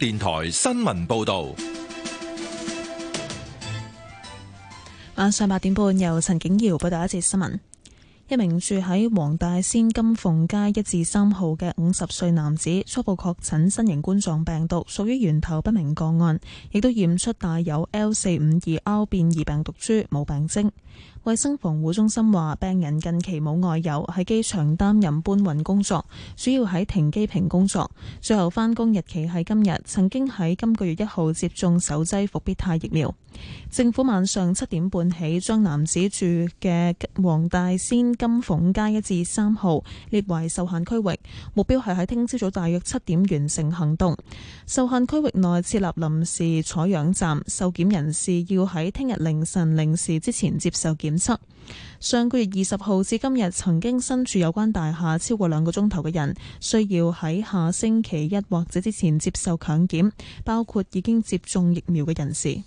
電台新聞報道，晚上八點半由陳景瑤報道一節新聞。一名住喺黃大仙金鳳街一至三號嘅五十歲男子初步確診新型冠狀病毒，屬於源頭不明個案，亦都驗出帶有 L 四五二 R 變異病毒株，冇病徵。衛生防護中心話，病人近期冇外遊，喺機場擔任搬運工作，主要喺停機坪工作。最後返工日期係今日。曾經喺今個月一號接種首劑伏必泰疫苗。政府晚上七點半起，將男子住嘅黃大仙金鳳街一至三號列為受限區域，目標係喺聽朝早大約七點完成行動。受限區域內設立臨時採樣站，受檢人士要喺聽日凌晨零時之前接受檢。檢測。上個月二十號至今日曾經身處有關大廈超過兩個鐘頭嘅人，需要喺下星期一或者之前接受強檢，包括已經接種疫苗嘅人士。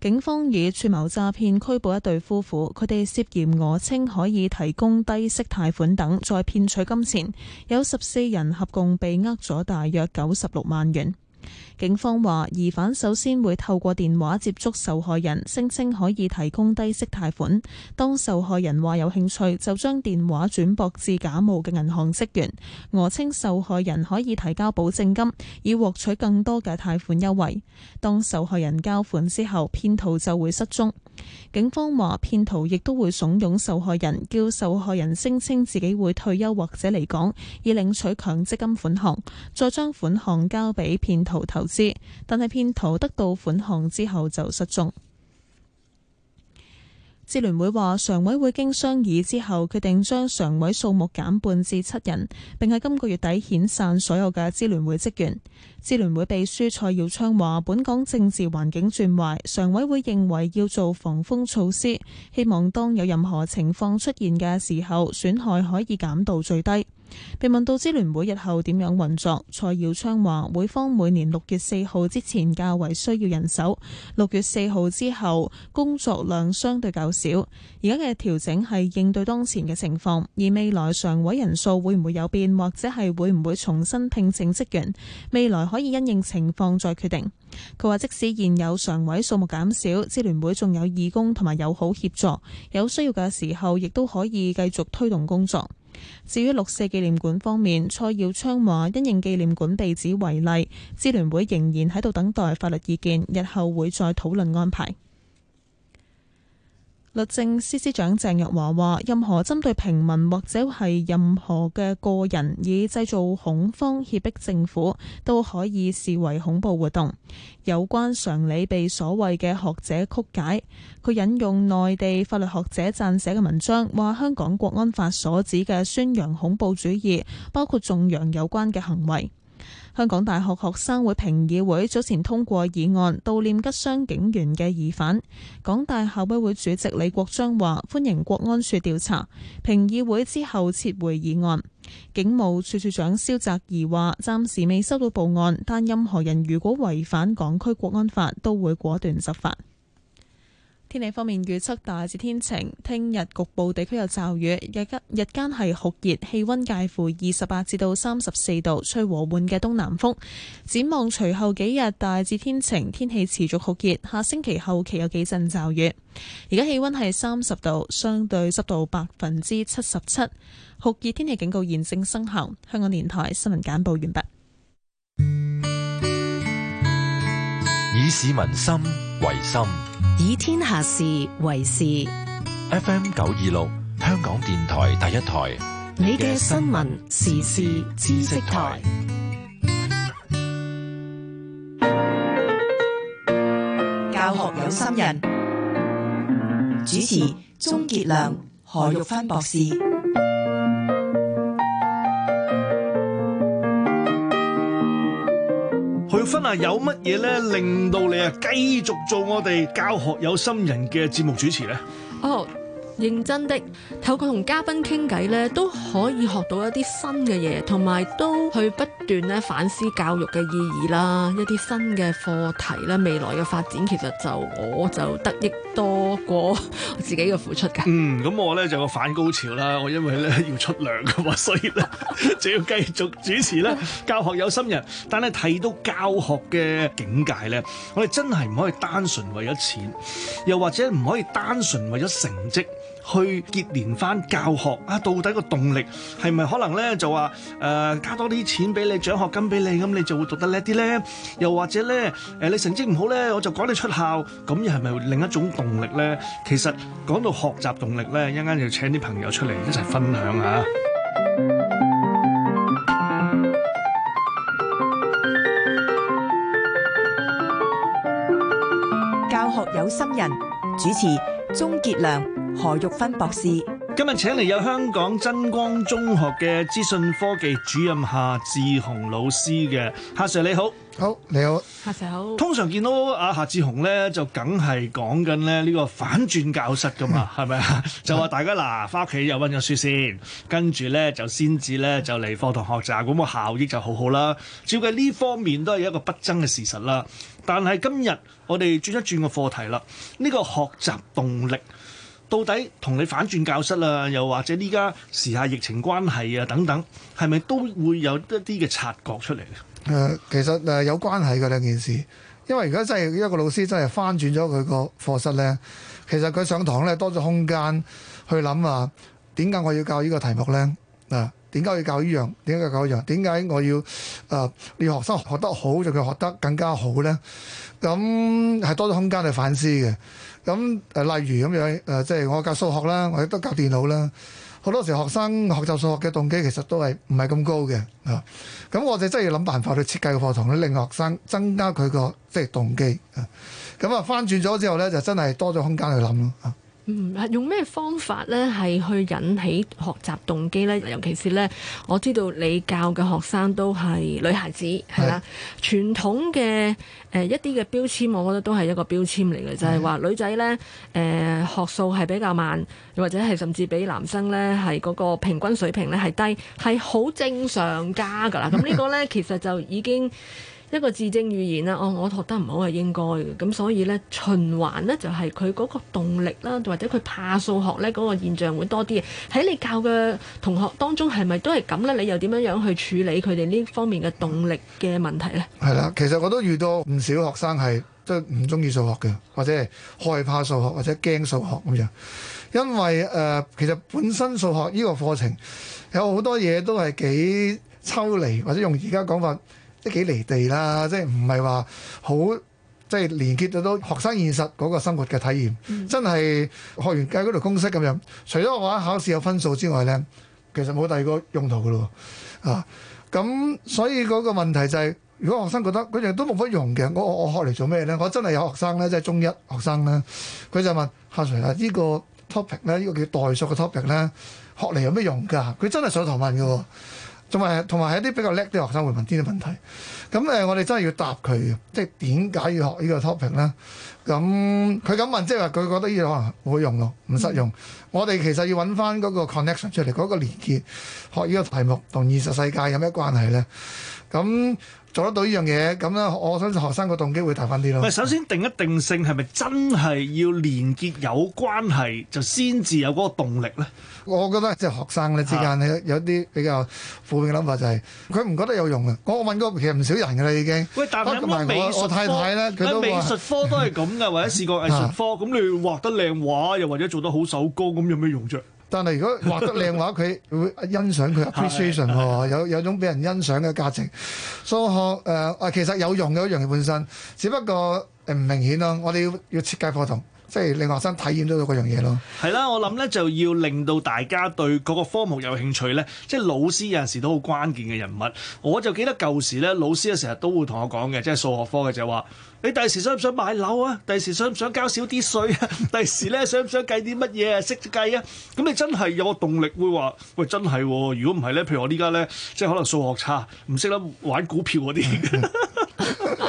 警方以串謀詐騙拘捕一對夫婦，佢哋涉嫌訛稱可以提供低息貸款等，再騙取金錢。有十四人合共被呃咗大約九十六萬元。警方話，疑犯首先會透過電話接觸受害人，聲稱可以提供低息貸款。當受害人話有興趣，就將電話轉駁至假冒嘅銀行職員，訛稱受害人可以提交保證金，以獲取更多嘅貸款優惠。當受害人交款之後，騙徒就會失蹤。警方話，騙徒亦都會慫恿受害人，叫受害人聲稱自己會退休或者離港，以領取強積金款項，再將款項交俾騙徒。投資，但係騙徒得到款項之後就失蹤。支聯會話，常委會經商議之後，決定將常委數目減半至七人，並喺今個月底遣散所有嘅支聯會職員。支聯會秘書蔡耀昌話，本港政治環境轉壞，常委會認為要做防風措施，希望當有任何情況出現嘅時候，損害可以減到最低。被問到支聯會日後點樣運作，蔡耀昌話，會方每年六月四號之前較為需要人手，六月四號之後工作量相對較少。而家嘅調整係應對當前嘅情況，而未來常委人數會唔會有變，或者係會唔會重新聘請職員，未來可以因應情況再決定。佢話即使現有常委數目減少，支聯會仲有義工同埋友好協助，有需要嘅時候亦都可以繼續推動工作。至於六四紀念館方面，蔡耀昌話：因應紀念館被指違例，支聯會仍然喺度等待法律意見，日後會再討論安排。律政司司長鄭若驊話：任何針對平民或者係任何嘅個人，以製造恐慌脅迫政府，都可以視為恐怖活動。有關常理被所謂嘅學者曲解。佢引用內地法律學者撰寫嘅文章，話香港國安法所指嘅宣揚恐怖主義，包括頌揚有關嘅行為。香港大學學生會評議會早前通過議案，悼念吉傷警員嘅疑犯。港大校委會主席李國章話，歡迎國安處調查，評議會之後撤回議案。警務處處長蕭澤頤話，暫時未收到報案，但任何人如果違反港區國安法，都會果斷執法。天氣方面預測大致天晴，聽日局部地區有驟雨，日間日間係酷熱，氣溫介乎二十八至到三十四度，吹和緩嘅東南風。展望隨後幾日大致天晴，天氣持續酷熱，下星期後期有幾陣驟雨。而家氣溫係三十度，相對濕度百分之七十七，酷熱天氣警告現正生效。香港電台新聞簡報完畢，以市民心為心。以天下事為事。FM 九二六，香港電台第一台，你嘅新聞時事知識台，教學有心人，主持鍾傑良、何玉芬博士。分啊，有乜嘢咧令到你啊繼續做我哋教學有心人嘅節目主持咧？哦。 認真的透過同嘉賓傾偈咧，都可以學到一啲新嘅嘢，同埋都去不斷咧反思教育嘅意義啦，一啲新嘅課題啦，未來嘅發展其實就我就得益多過我自己嘅付出㗎。嗯，咁我咧就有個反高潮啦，我因為咧要出糧㗎嘛，所以咧就 要繼續主持咧教學有心人，但係睇到教學嘅境界咧，我哋真係唔可以單純為咗錢，又或者唔可以單純為咗成績。去結連翻教學啊！到底個動力係咪可能呢？就話誒、呃、加多啲錢俾你獎學金俾你咁你就會讀得叻啲呢。又或者呢，誒、呃、你成績唔好呢，我就趕你出校咁，又係咪另一種動力呢？其實講到學習動力呢，一陣間就請啲朋友出嚟一齊分享吓。教學有心人主持鍾傑良。何玉芬博士，今日請嚟有香港真光中學嘅資訊科技主任夏志雄老師嘅夏 Sir。你好。好，你好，夏 Sir 好。通常見到阿夏志雄咧，就梗係講緊咧呢個反轉教室，噶嘛，係咪啊？就話大家嗱，返屋企又溫咗書先，跟住咧，就先至咧就嚟課堂學習，咁個效益就好好啦。照計呢方面都係一個不爭嘅事實啦。但係今日我哋轉一轉個課題啦，呢個學習動力。到底同你反轉教室啊，又或者呢家時下疫情關係啊等等，係咪都會有一啲嘅察覺出嚟？誒，其實誒有關係嘅兩件事，因為如果真係一個老師真係翻轉咗佢個課室呢，其實佢上堂呢多咗空間去諗話點解我要教呢個題目呢？啊，點解要教呢樣？點解要教呢樣？點解我要誒？要學生學得好，就佢學得更加好呢，咁係多咗空間去反思嘅。咁誒，例如咁樣誒，即係我教數學啦，我亦都教電腦啦。好多時學生學習數學嘅動機其實都係唔係咁高嘅啊。咁我哋真係要諗辦法去設計個課堂，咧令學生增加佢個即係動機啊。咁啊，翻轉咗之後咧，就真係多咗空間去諗咯啊。嗯，用咩方法咧？係去引起學習動機呢？尤其是呢，我知道你教嘅學生都係女孩子，係啦是。傳統嘅誒、呃、一啲嘅標籤，我覺得都係一個標籤嚟嘅，是就係話女仔呢，誒、呃、學數係比較慢，或者係甚至比男生呢，係嗰個平均水平呢係低，係好正常加㗎啦。咁呢 個呢，其實就已經。一個自證預言啦，哦，我學得唔好係應該嘅，咁所以呢，循環呢就係佢嗰個動力啦，或者佢怕數學呢嗰、那個現象會多啲。喺你教嘅同學當中係咪都係咁呢？你又點樣樣去處理佢哋呢方面嘅動力嘅問題呢？係啦、嗯，其實我都遇到唔少學生係都唔中意數學嘅，或者害怕數學，或者驚數學咁樣。因為誒、呃，其實本身數學呢個課程有好多嘢都係幾抽離，或者用而家講法。啲幾離地啦，即係唔係話好即係連結到學生現實嗰個生活嘅體驗，嗯、真係學完計條公式咁樣，除咗話考試有分數之外咧，其實冇第二個用途嘅咯喎，啊，咁所以嗰個問題就係、是，如果學生覺得嗰樣都冇乜用嘅，我我學嚟做咩咧？我真係有學生咧，即、就、係、是、中一學生咧，佢就問下 sir、嗯、啊，呢、這個 topic 咧，呢、這個叫代數嘅 topic 咧，學嚟有咩用㗎？佢真係上堂問嘅喎。嗯仲埋，同埋係一啲比較叻啲學生會問啲啲問題，咁誒我哋真係要答佢，即係點解要學呢個 topic 呢？咁佢咁問即係話佢覺得呢個可能會用咯，唔實用。嗯、我哋其實要揾翻嗰個 connection 出嚟，嗰、那個連結學呢個題目同現實世界有咩關係呢？咁。做得到呢樣嘢咁咧，我相信學生個動機會大翻啲咯。唔係，首先定一定性係咪真係要連結有關係就先至有嗰個動力咧？我覺得即係學生咧之間你有啲比較負面嘅諗法，就係佢唔覺得有用嘅。我問過其實唔少人㗎喇已經。喂，但係我太太呢，佢美術科咧？美術科都係咁嘅，或者試過藝術科咁，你畫得靚畫又或者做得好手工，咁有咩用啫？但係如果畫得靚嘅話，佢 會欣賞佢 appreciation 有有種俾人欣賞嘅價值。數學誒，其實有用嘅一樣嘢本身，只不過誒唔明顯咯。我哋要要設計課堂。即係你話學生體驗到嗰樣嘢咯，係啦、啊，我諗咧就要令到大家對嗰個科目有興趣咧。即係老師有陣時都好關鍵嘅人物。我就記得舊時咧，老師啊成日都會同我講嘅，即係數學科嘅就係、是、話：你第時想唔想買樓啊？第時想唔想交少啲稅啊？第時咧想唔想計啲乜嘢啊？識計啊？咁你真係有個動力會話喂，真係喎、哦！如果唔係咧，譬如我依家咧，即係可能數學差，唔識得玩股票啲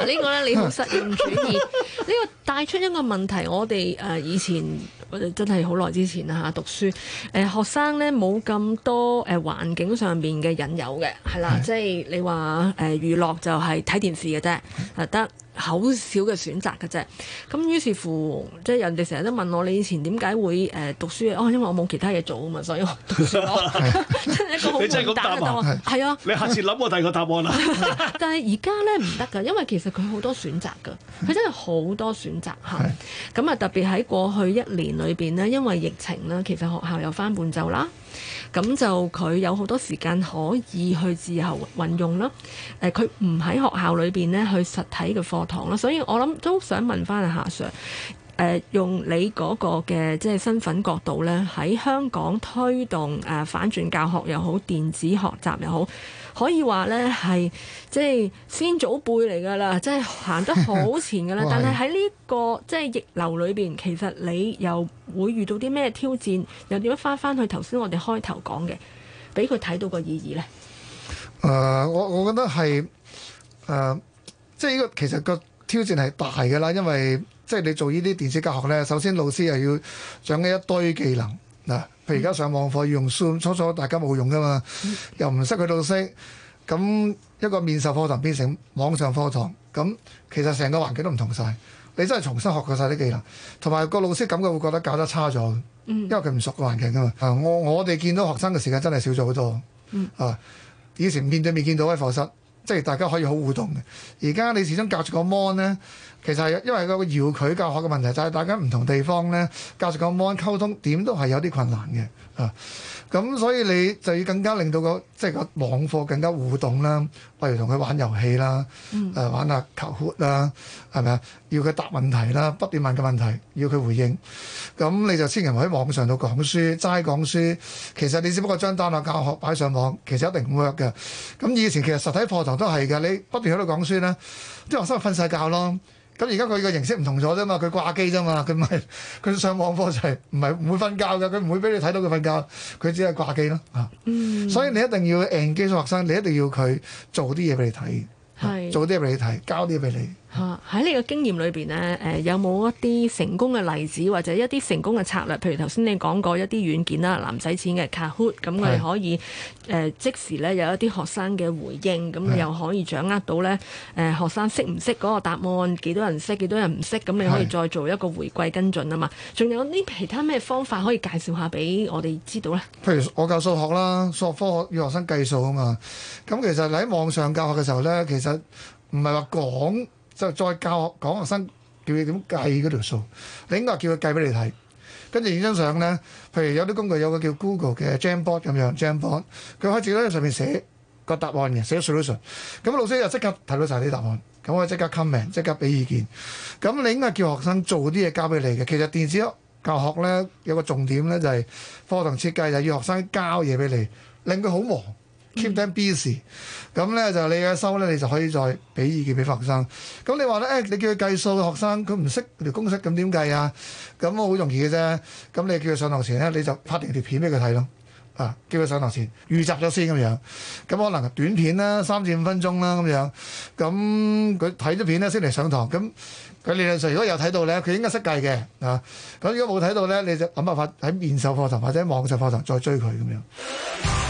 啊這個、呢個咧，你好實用主義，呢個帶出一個問題。我哋誒、呃、以前我哋、呃、真係好耐之前啦嚇、啊，讀書誒、呃、學生咧冇咁多誒、呃、環境上面嘅引誘嘅，係啦，即係你話誒娛樂就係睇電視嘅啫，係、啊、得。好少嘅選擇嘅啫，咁於是乎，即係人哋成日都問我，你以前點解會誒讀書？哦，因為我冇其他嘢做啊嘛，所以我讀書 真係一個好，你真係咁答嘛？係 啊，你下次諗我第二個答案啦、啊。 但係而家咧唔得㗎，因為其實佢好多選擇㗎，佢真係好多選擇嚇。咁啊 特別喺過去一年裏邊咧，因為疫情咧，其實學校又翻半就啦。咁就佢有好多時間可以去自由運用啦。誒、呃，佢唔喺學校裏邊咧去實體嘅課堂啦，所以我諗都想問翻阿夏 Sir，呃、用你嗰個嘅即係身份角度呢，喺香港推動誒、呃、反轉教學又好，電子學習又好。可以話呢係即係先祖輩嚟㗎喇，即係行得好前㗎喇。 我是 但係喺呢個即係逆流裏邊，其實你又會遇到啲咩挑戰？又點樣返返去頭先我哋開頭講嘅，畀佢睇到個意義呢？誒、呃，我我覺得係誒，即係呢個其實個挑戰係大㗎喇，因為即係、就是、你做呢啲電子教學呢，首先老師又要掌握一堆技能。譬如而家上網課要用 Zoom，初初大家冇用噶嘛，又唔識佢到識。咁一個面授課堂變成網上課堂，咁其實成個環境都唔同晒。你真係重新學過晒啲技能，同埋個老師感覺會覺得搞得差咗。因為佢唔熟個環境㗎嘛。我我哋見到學生嘅時間真係少咗好多。啊，以前面對面見到喺課室。即係大家可以好互動嘅，而家你始終隔住個 mon 咧，其實係因為個遙距教學嘅問題，就係大家唔同地方咧，隔住個 mon 溝通點都係有啲困難嘅。啊！咁所以你就要更加令到個即係、就是、個網課更加互動啦，例如同佢玩遊戲啦，誒、啊、玩下 Kahoot 啦，係咪啊？要佢答問題啦，不斷問佢問題，要佢回應。咁你就千祈唔喺網上度講書，齋講書。其實你只不過將單向教學擺上網，其實一定唔 work 嘅。咁以前其實實體課堂都係嘅，你不斷喺度講書咧，啲學生瞓晒覺咯。咁而家佢個形式唔同咗啫嘛，佢掛機啫嘛，佢咪佢上網課就係唔係唔會瞓覺嘅，佢唔會俾你睇到佢瞓覺，佢只係掛機咯嚇。嗯、所以你一定要 engage 學生，你一定要佢做啲嘢俾你睇，是做啲嘢俾你睇，交啲嘢俾你。嚇喺、啊、你個經驗裏邊呢，誒、呃、有冇一啲成功嘅例子，或者一啲成功嘅策略？譬如頭先你講過一啲軟件啦，唔使錢嘅 Kahoot 咁我哋可以誒、呃、即時咧有一啲學生嘅回應，咁又可以掌握到咧誒、呃、學生識唔識嗰個答案，幾多人識，幾多人唔識，咁你可以再做一個回饋跟進是啊嘛。仲有啲其他咩方法可以介紹下俾我哋知道咧？譬如我教數學啦，數學科學要學生計數啊嘛。咁其實你喺網上教學嘅時候咧，其實唔係話講。就再教學講學生叫佢點計嗰條數，你應該叫佢計俾你睇。跟住影張相咧，譬如有啲工具，有個叫 Google 嘅 Jamboard 咁樣，Jamboard，佢喺自己上面寫個答案嘅，寫咗 solution。咁老師就即刻睇到晒啲答案，咁我即刻 comment，即刻俾意見。咁你應該叫學生做啲嘢交俾你嘅。其實電子教學咧有個重點咧就係課堂設計就要學生交嘢俾你，令佢好忙。keep them busy，咁咧就你嘅收咧，你就可以再俾意見俾學生。咁你話咧，誒你叫佢計數嘅學生，佢唔識條公式，咁點計啊？咁好容易嘅啫。咁你叫佢上堂前咧，你就拍定條片俾佢睇咯。啊，叫佢上堂前預習咗先咁樣。咁可能短片啦，三至五分鐘啦咁樣。咁佢睇咗片咧先嚟上堂。咁佢理論上如果有睇到咧，佢應該識計嘅。啊，咁如果冇睇到咧，你就諗辦法喺面授課堂或者網上課堂再追佢咁樣。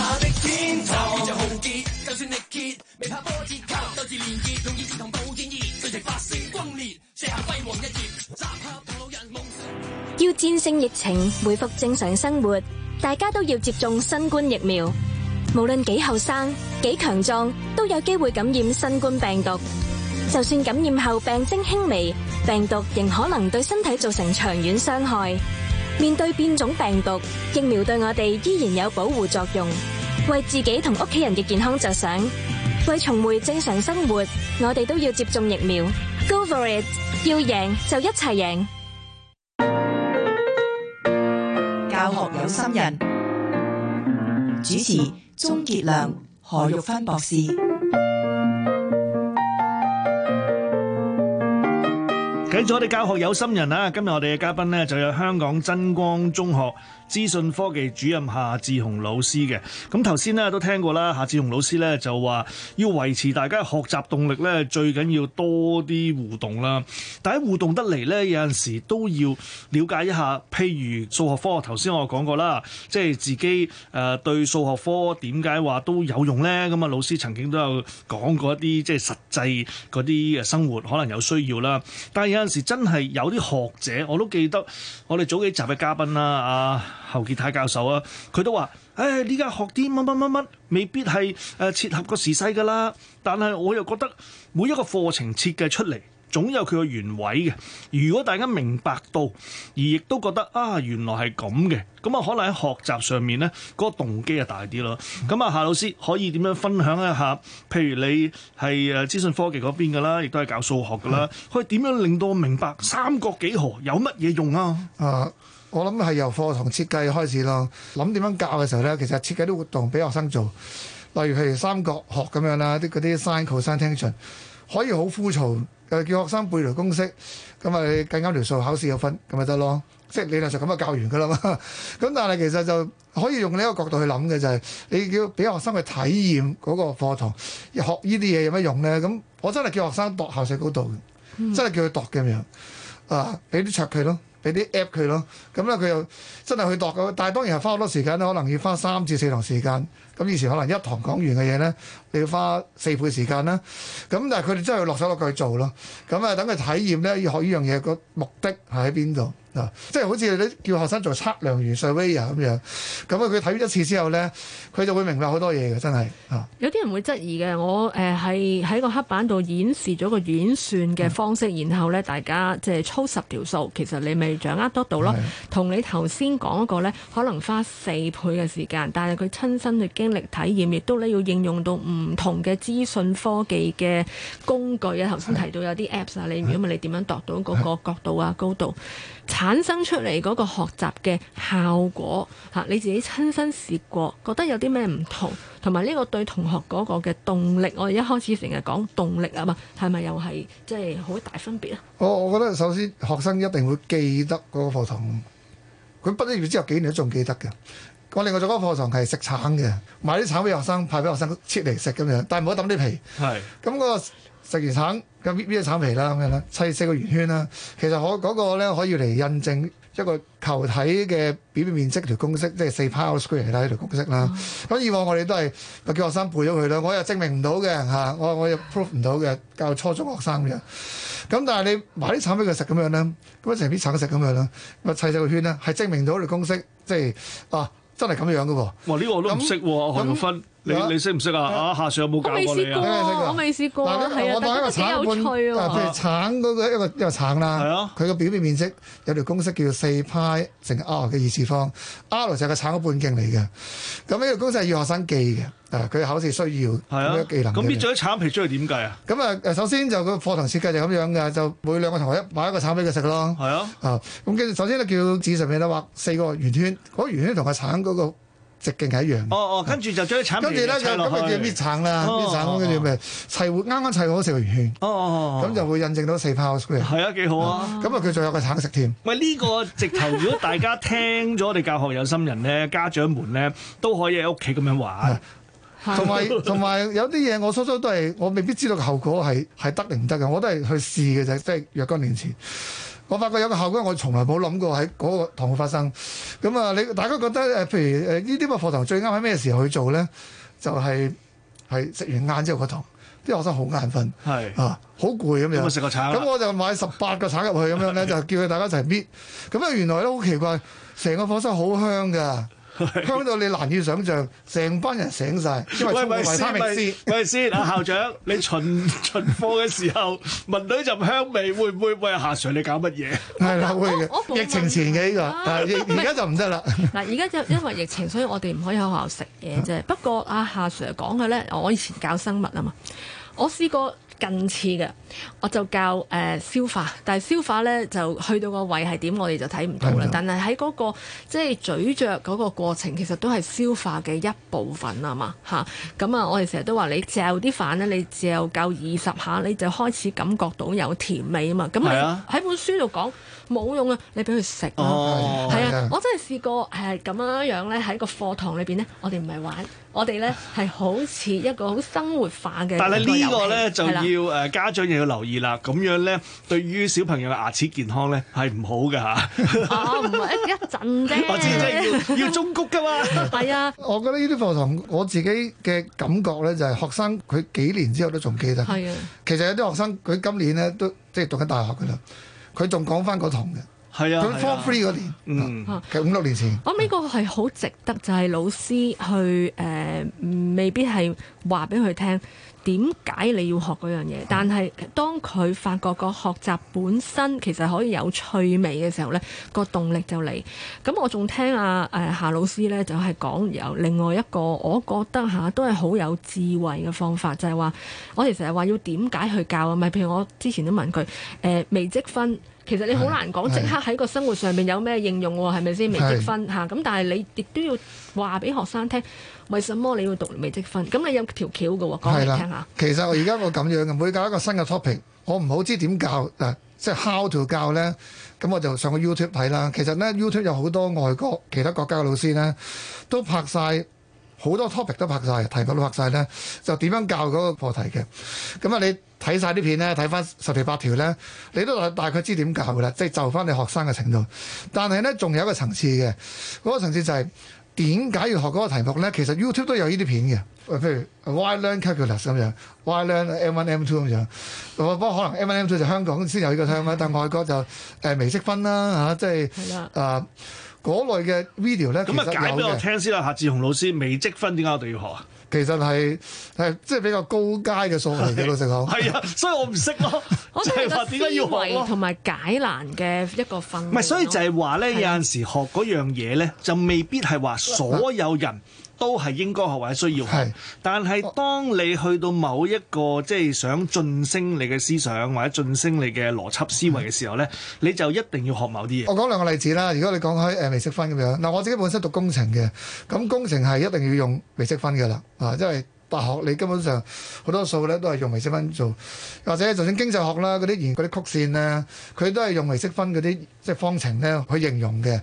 戰勝疫情，恢復正常生活，大家都要接種新冠疫苗。無論幾後生、幾強壯，都有機會感染新冠病毒。就算感染後病徵輕微，病毒仍可能對身體造成長遠傷害。面對變種病毒，疫苗對我哋依然有保護作用。為自己同屋企人嘅健康着想，為重回正常生活，我哋都要接種疫苗。Go for it！要贏就一齊贏。心人主持鍾傑良、何玉芬博士，繼續我哋教學有心人啊！今日我哋嘅嘉賓呢，就有香港真光中學。資訊科技主任夏志雄老師嘅，咁頭先咧都聽過啦。夏志雄老師咧就話要維持大家學習動力咧，最緊要多啲互動啦。但係互動得嚟咧，有陣時都要了解一下，譬如數學科，頭先我講過啦，即係自己誒、呃、對數學科點解話都有用咧。咁啊，老師曾經都有講過一啲即係實際嗰啲誒生活可能有需要啦。但係有陣時真係有啲學者，我都記得我哋早幾集嘅嘉賓啦，啊、呃、～侯傑泰教授啊，佢都話，唉，呢家學啲乜乜乜乜，未必係誒切合個時勢噶啦。但係我又覺得每一個課程設計出嚟，總有佢個原委嘅。如果大家明白到，而亦都覺得啊，原來係咁嘅，咁啊可能喺學習上面呢，嗰個動機就大啲咯。咁啊，夏老師可以點樣分享一下？譬如你係誒資訊科技嗰邊噶啦，亦都係教數學噶啦，可以點樣令到我明白三角幾何有乜嘢用啊？啊！我諗係由課堂設計開始咯，諗點樣教嘅時候咧，其實設計啲活動俾學生做，例如譬如三角學咁樣啦，啲嗰啲 sin cos tan 可以好枯燥，誒叫學生背條公式，咁咪計啱條數考試有分咁咪得咯，即係理論上咁就教完噶啦嘛。咁 但係其實就可以用呢一個角度去諗嘅就係、是，你叫俾學生去體驗嗰個課堂，學呢啲嘢有乜用咧？咁我真係叫學生度校舍嗰度，真係叫佢度咁樣，啊俾啲桌佢咯。俾啲 app 佢咯，咁咧佢又真係去度嘅，但係當然係花好多時間啦，可能要花三至四堂時間。咁以前可能一堂講完嘅嘢咧，你要花四倍時間啦。咁但係佢哋真係要落手落腳去做咯。咁啊，等佢體驗咧，要學呢樣嘢個目的係喺邊度啊？即係好似你叫學生做測量員 survey 咁樣，咁啊，佢睇咗一次之後咧，佢就會明白好多嘢嘅，真係啊，有啲人會質疑嘅，我誒係喺個黑板度演示咗個演算嘅方式，的然後咧大家即係操十條數，其實你咪掌握得到咯。同的你頭先講嗰個咧，可能花四倍嘅時間，但係佢親身去。經歷體驗，亦都咧要應用到唔同嘅資訊科技嘅工具啊！頭先提到有啲 apps 啊，的你如果唔係你點樣度到嗰個角度啊、的高度產生出嚟嗰個學習嘅效果吓？你自己親身試過，覺得有啲咩唔同，同埋呢個對同學嗰個嘅動力，我哋一開始成日講動力啊嘛，係咪又係即係好大分別啊？我我覺得首先學生一定會記得嗰個課堂，佢畢咗業之後幾年都仲記得嘅。我另外做嗰個課堂係食橙嘅，買啲橙俾學生，派俾學生切嚟食咁樣，但係唔好抌啲皮。係咁嗰個食完橙咁搣啲橙皮啦咁樣啦，砌四個圓圈啦。其實我嗰、那個咧可以嚟印證一個球體嘅表面面積條公式，即係四派 square 係啦條公式啦。咁以往我哋都係叫學生背咗佢啦，我又證明唔到嘅嚇，我我又 prove 唔到嘅，教初中學生咁樣，咁但係你買啲橙俾佢食咁樣咧，咁一成啲橙食咁樣啦，咁啊砌四個圈啦，係證明到條公式，即係啊～真係咁樣噶喎、啊！哇、呢、這個我都唔識喎，海、嗯你你識唔識啊？啊，下場有冇教過我未試，啊啊啊、試過，我未試過，係啊，特別啲有趣啊！譬如橙嗰個一個一個橙啦，係啊，佢個、啊、表面面積有條公式叫四派乘 r 嘅二次方，r 就係個橙嘅半徑嚟嘅。咁呢個公式係要學生記嘅，啊，佢考試需要，係啊，一個技能、啊。咁搣咗啲橙皮之後點計啊？咁啊，首先就個課堂設計就咁樣嘅，就每兩個同學一買一個橙俾佢食咯，係啊，咁跟住首先咧叫紙上面咧畫四個圓圈，嗰、嗰個圓圈同、嗰個橙嗰直徑係一樣。哦哦，跟住就將啲橙皮切落去。跟住咧，就咁佢哋搣橙啦，搣橙，跟住咪砌活，啱啱砌好四個圓圈。哦哦哦，咁就會印證到四泡式嘅。係啊，幾好啊！咁啊，佢仲有個橙食添。喂，呢個直頭，如果大家聽咗我哋教學有心人咧，家長們咧都可以喺屋企咁樣玩。係。同埋同埋有啲嘢，我初初都係我未必知道嘅後果係係得定唔得嘅，我都係去試嘅啫，即係若干年前。我發覺有個效果，我從來冇諗過喺嗰個堂會發生。咁啊，你大家覺得誒，譬如誒呢啲嘅課堂最啱喺咩時候去做咧？就係係食完晏之後個堂，啲學生好眼瞓，係是啊，好攰咁樣。食個橙。咁我就買十八個橙入去咁樣咧，就叫佢大家一齊搣。咁啊，原來咧好奇怪，成個課室好香㗎。香到你難以想象，成班人醒曬。喂喂，先，喂先，嗱，校長，你巡巡課嘅時候聞到陣香味，會唔會？喂，夏 sir，你搞乜嘢？係啦，我我疫情前嘅呢個，而而家就唔得啦。嗱，而家就因為疫情，所以我哋唔可以喺學校食嘢啫。不過，阿夏 sir 講嘅咧，我以前教生物啊嘛，我試過近似嘅。我就教誒消化，但係消化咧就去到個胃係點，我哋就睇唔到啦。但係喺嗰個即係咀嚼嗰個過程，其實都係消化嘅一部分啊嘛吓。咁啊，我哋成日都話，你嚼啲飯咧，你嚼夠二十下你就開始感覺到有甜味啊嘛。咁啊，喺本書度講冇用啊，你俾佢食咯。係啊，我真係試過，係咁樣樣咧，喺個課堂裏邊咧，我哋唔係玩，我哋咧係好似一個好生活化嘅。但係呢個咧就要誒家長，要留意啦，咁樣咧，對於小朋友嘅牙齒健康咧，係唔好嘅吓。哦，唔係一一陣啫。要要中谷噶嘛。係 啊。我覺得呢啲課堂，我自己嘅感覺咧，就係學生佢幾年之後都仲記得。係啊。其實有啲學生佢今年咧都即係讀緊大學噶啦，佢仲講翻嗰堂嘅。係啊。佢 four three 嗰年，嗯，其實五六年前。我諗呢個係好值得，就係老師去誒、呃，未必係話俾佢聽。點解你要學嗰樣嘢？但係當佢發覺個學習本身其實可以有趣味嘅時候呢、呢個動力就嚟。咁我仲聽阿、啊、誒夏老師呢，就係、是、講有另外一個，我覺得嚇、啊、都係好有智慧嘅方法，就係、是、話我其實係話要點解去教啊？咪譬如我之前都問佢誒、呃、微積分，其實你好難講，即刻喺個生活上面有咩應用喎？係咪先微積分嚇？咁是但係你亦都要話俾學生聽，為什麼你要讀微積分？咁你有條橋嘅喎，講嚟聽下。其實我而家我咁樣嘅，每教一個新嘅 topic，我唔好知點教嗱，即係 how to 教咧。咁我就上個 YouTube 睇啦。其實咧 YouTube 有好多外國其他國家嘅老師咧，都拍晒，好多 topic 都拍晒，題目都拍晒咧，就點樣教嗰個課題嘅。咁啊你。睇晒啲片咧，睇翻十條八條咧，你都大概知點教啦，即係就翻、是、你學生嘅程度。但係咧，仲有一個層次嘅，嗰、那個層次就係點解要學嗰個題目咧？其實 YouTube 都有呢啲片嘅，譬如 Why learn calculus 咁樣，Why learn M1 M2 咁樣。不過可能 M1 M2 就香港先有呢個 term，但外國就誒未識分啦嚇、啊，即係誒。的嗰類嘅 video 咧，咁啊解俾我聽先啦嚇！夏志雄老師，微積分點解我哋要學啊？其實係係即係比較高階嘅數學嚟嘅老實講，係啊，所以我唔識咯。我哋話點解要學，思維同埋解難嘅一個訓練。唔係，所以就係話咧，的有陣時學嗰樣嘢咧，就未必係話所有人。都係應該學或者需要學，但係當你去到某一個，即係想晉升你嘅思想或者晉升你嘅邏輯思維嘅時候咧，你就一定要學某啲嘢。我講兩個例子啦。如果你講開誒微積分咁樣，嗱，我自己本身讀工程嘅，咁工程係一定要用微積分㗎喇。啊，因為大學你根本上好多數咧都係用微積分做，或者就算經濟學啦，嗰啲然嗰啲曲線咧，佢都係用微積分嗰啲。即係方程咧，去形容嘅。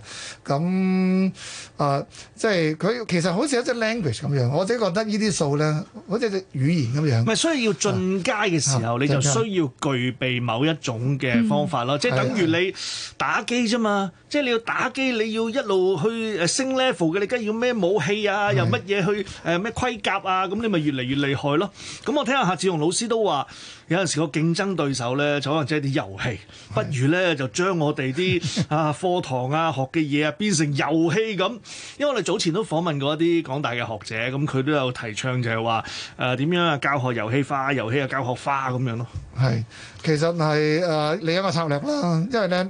咁、嗯、啊、呃，即係，佢其實好似一隻 language 咁樣，我自己覺得呢啲數咧，好似隻語言咁樣。唔係需要進階嘅時候，啊、你就需要具備某一種嘅方法咯。嗯、即係等於你打機啫嘛。嗯、即係你要打機，你要一路去升 level 嘅。你梗要咩武器啊？又乜嘢去誒咩盔甲啊？咁你咪越嚟越厲害咯。咁我聽下夏志雄老師都話。有陣時個競爭對手咧，就可能即係啲遊戲，是不如咧就將我哋啲啊課堂啊 學嘅嘢啊變成遊戲咁。因為我哋早前都訪問過一啲港大嘅學者，咁佢都有提倡就係話誒點樣啊教學遊戲化，遊戲啊教學化咁樣咯。係，其實係誒另一個策略啦，因為咧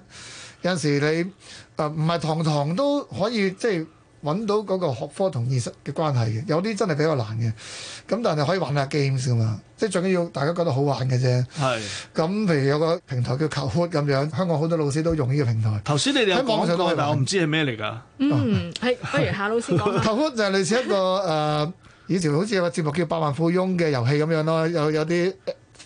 有陣時你誒唔係堂堂都可以即係。揾到嗰個學科同現實嘅關係嘅，有啲真係比較難嘅。咁但係可以玩下 games 㗎嘛，即係最緊要大家覺得好玩嘅啫。係是。咁譬如有個平台叫 Kahoot 咁樣，香港好多老師都用呢個平台。頭先你哋喺講網上都，但係我唔知係咩嚟㗎。嗯，係，不如夏老師講。Kahoot、 ah、就係類似一個誒、呃，以前好似有個節目叫《百萬富翁》嘅遊戲咁樣咯，有有啲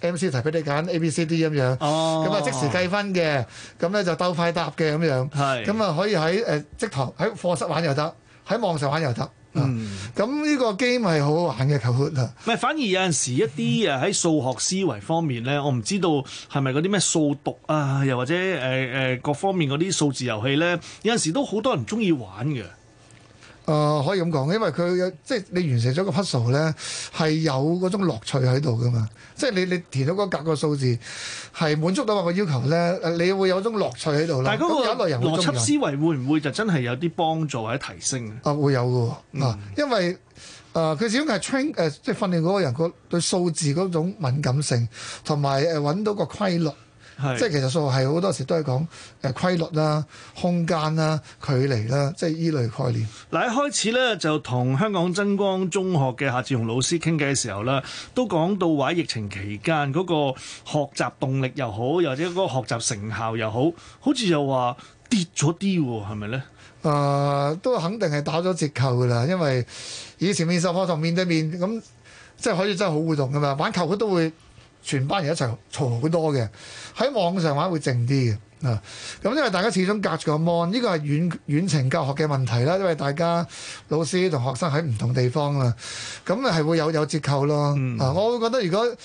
MC 題俾你揀 A、B、C、D 咁樣。哦。咁啊即時計分嘅，咁咧就鬥快答嘅咁樣。係。咁啊可以喺誒即堂喺課室玩又得。是 喺網上玩又得，嗯，咁呢個 game 係好好玩嘅，求好啦。唔係，反而有陣時一啲誒喺數學思維方面咧，嗯、我唔知道係咪嗰啲咩數獨啊，又或者誒誒、呃呃、各方面嗰啲數字遊戲咧，有陣時都好多人中意玩嘅。誒、呃、可以咁講，因為佢有即係你完成咗個 puzzle 咧，係有嗰種樂趣喺度噶嘛。即係你你填咗個格個數字係滿足到個要求咧，你會有種樂趣喺度啦。咁那有一類人會中意。邏輯思維會唔會就真係有啲幫助或者提升啊？啊，會有嘅喎啊，因為誒佢、呃、始要始終係 train 誒、呃，即係訓練嗰個人個對數字嗰種敏感性，同埋誒揾到個規律。即係是其實數學係好多時都係講誒規律啦、空間啦、距離啦，即係依類概念。嗱，一開始咧就同香港真光中學嘅夏志雄老師傾偈嘅時候啦，都講到話疫情期間嗰個學習動力又好，又或者嗰個學習成效又好，好似又話跌咗啲喎，係咪咧？誒、呃，都肯定係打咗折扣噶啦，因為以前面授課堂面對面咁，即係可以真係好活動噶嘛，玩球佢都會。全班人一齊嘈好多嘅，喺網上話會靜啲嘅啊。咁因為大家始終隔住個 mon，呢個係遠遠程教學嘅問題啦。因為大家老師同學生喺唔同地方啊，咁係會有有折扣咯。啊，我會覺得如果。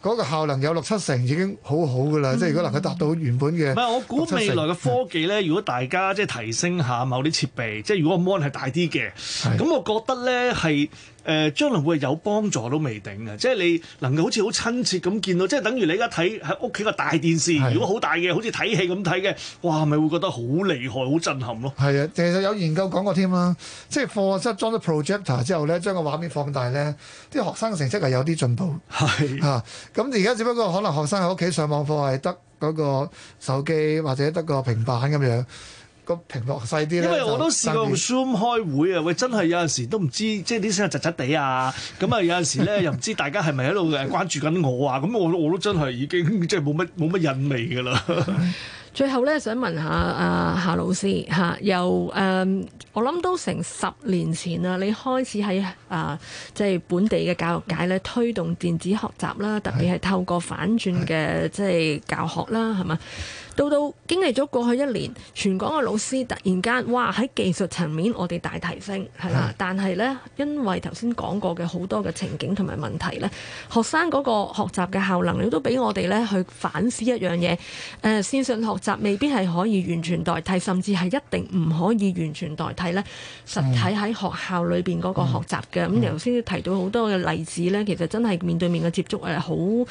嗰個效能有六七成已經好好㗎喇，嗯、即係如果能夠達到原本嘅。唔係我估未來嘅科技咧，是如果大家即係提升下某啲設備，即係如果個 mon 係大啲嘅，咁是我覺得咧係誒將來會有幫助都未定嘅。即係你能夠好似好親切咁見到，即係等於你而家睇喺屋企個大電視，是如果好大嘅，好似睇戲咁睇嘅，哇，咪會覺得好厲害、好震撼咯。係啊，其實有研究講過添啦，即係課室裝咗 projector 之後咧，將個畫面放大咧，啲學生嘅成績係有啲進步，係啊。咁而家只不過可能學生喺屋企上網課係得嗰個手機或者得個平板咁樣，個屏幕細啲，因為我都試過用 Zoom 開會啊，喂，真係有陣時都唔知，即係啲聲窒窒地啊，咁啊 有陣時咧又唔知大家係咪喺度誒關注緊我啊，咁 我我都真係已經即係冇乜冇乜韻味㗎啦。 最後咧，想問下阿、啊、夏老師嚇、啊，由誒、呃、我諗都成十年前啦，你開始喺誒即係本地嘅教育界咧推動電子學習啦，特別係透過反轉嘅即係教學啦，係嘛？到到經歷咗過去一年，全港嘅老師突然間，哇！喺技術層面我哋大提升，係啦。啊、但係咧，因為頭先講過嘅好多嘅情景同埋問題咧，學生嗰個學習嘅效能，你都俾我哋咧去反思一樣嘢。誒，線上學習未必係可以完全代替，甚至係一定唔可以完全代替咧實體喺學校裏邊嗰個學習嘅。咁頭先提到好多嘅例子咧，其實真係面對面嘅接觸誒，好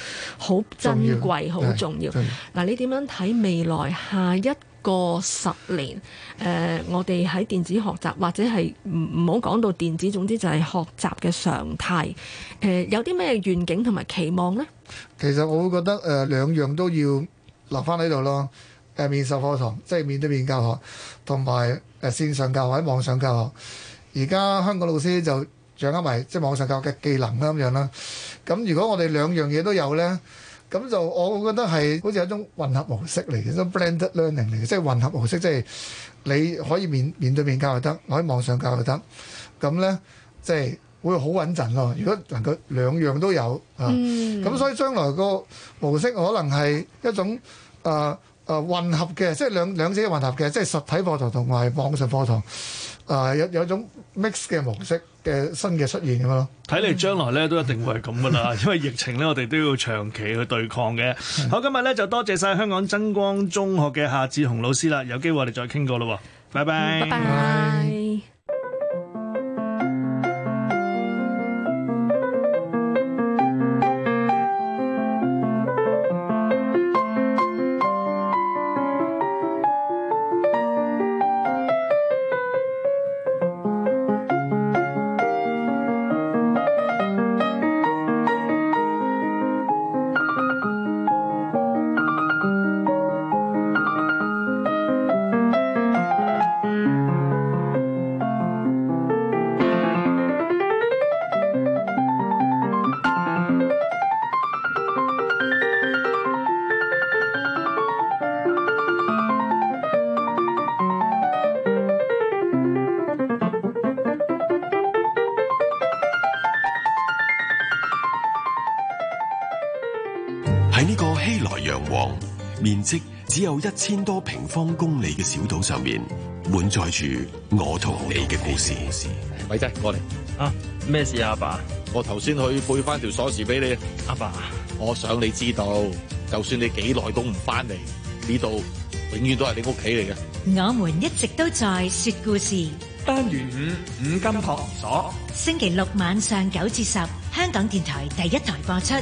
好珍貴，好重要。嗱、啊，你點樣睇未？未來下一個十年，誒、呃，我哋喺電子學習或者係唔唔好講到電子，總之就係學習嘅常態。誒、呃，有啲咩願景同埋期望呢？其實我會覺得誒、呃，兩樣都要留翻喺度咯。誒、呃，面授課堂即係面對面教學，同埋誒線上教學或者網上教學。而家香港老師就掌握埋即係網上教學嘅技能咁樣啦。咁如果我哋兩樣嘢都有呢。咁就我覺得係好似一種混合模式嚟嘅，一種 blended learning 嚟嘅，即係混合模式，即係你可以面面對面教又得，我喺網上教又得，咁呢，即係會好穩陣咯。如果能夠兩樣都有嚇，咁，嗯，啊，所以將來個模式可能係一種誒誒、呃呃、混合嘅，即係兩兩者混合嘅，即係實體課堂同埋網上課堂。啊，有有種 mix 嘅模式嘅新嘅出現咁樣咯。睇嚟將來咧都一定會係咁噶啦， 因為疫情咧我哋都要長期去對抗嘅。 好，今日咧就多謝晒香港真光中學嘅夏志雄老師啦，有機會我哋再傾過咯，拜拜。拜拜拜拜。只有一千多平方公里嘅小島上面，滿載住我同你嘅故事。偉仔過嚟啊，咩事啊爸？我頭先去配翻條鎖匙俾你，阿爸。我想你知道，就算你幾耐都唔翻嚟，呢度永遠都係你屋企嚟嘅。我們一直都在說故事。單元五五根鎖匙。星期六晚上九至十，香港電台第一台播出。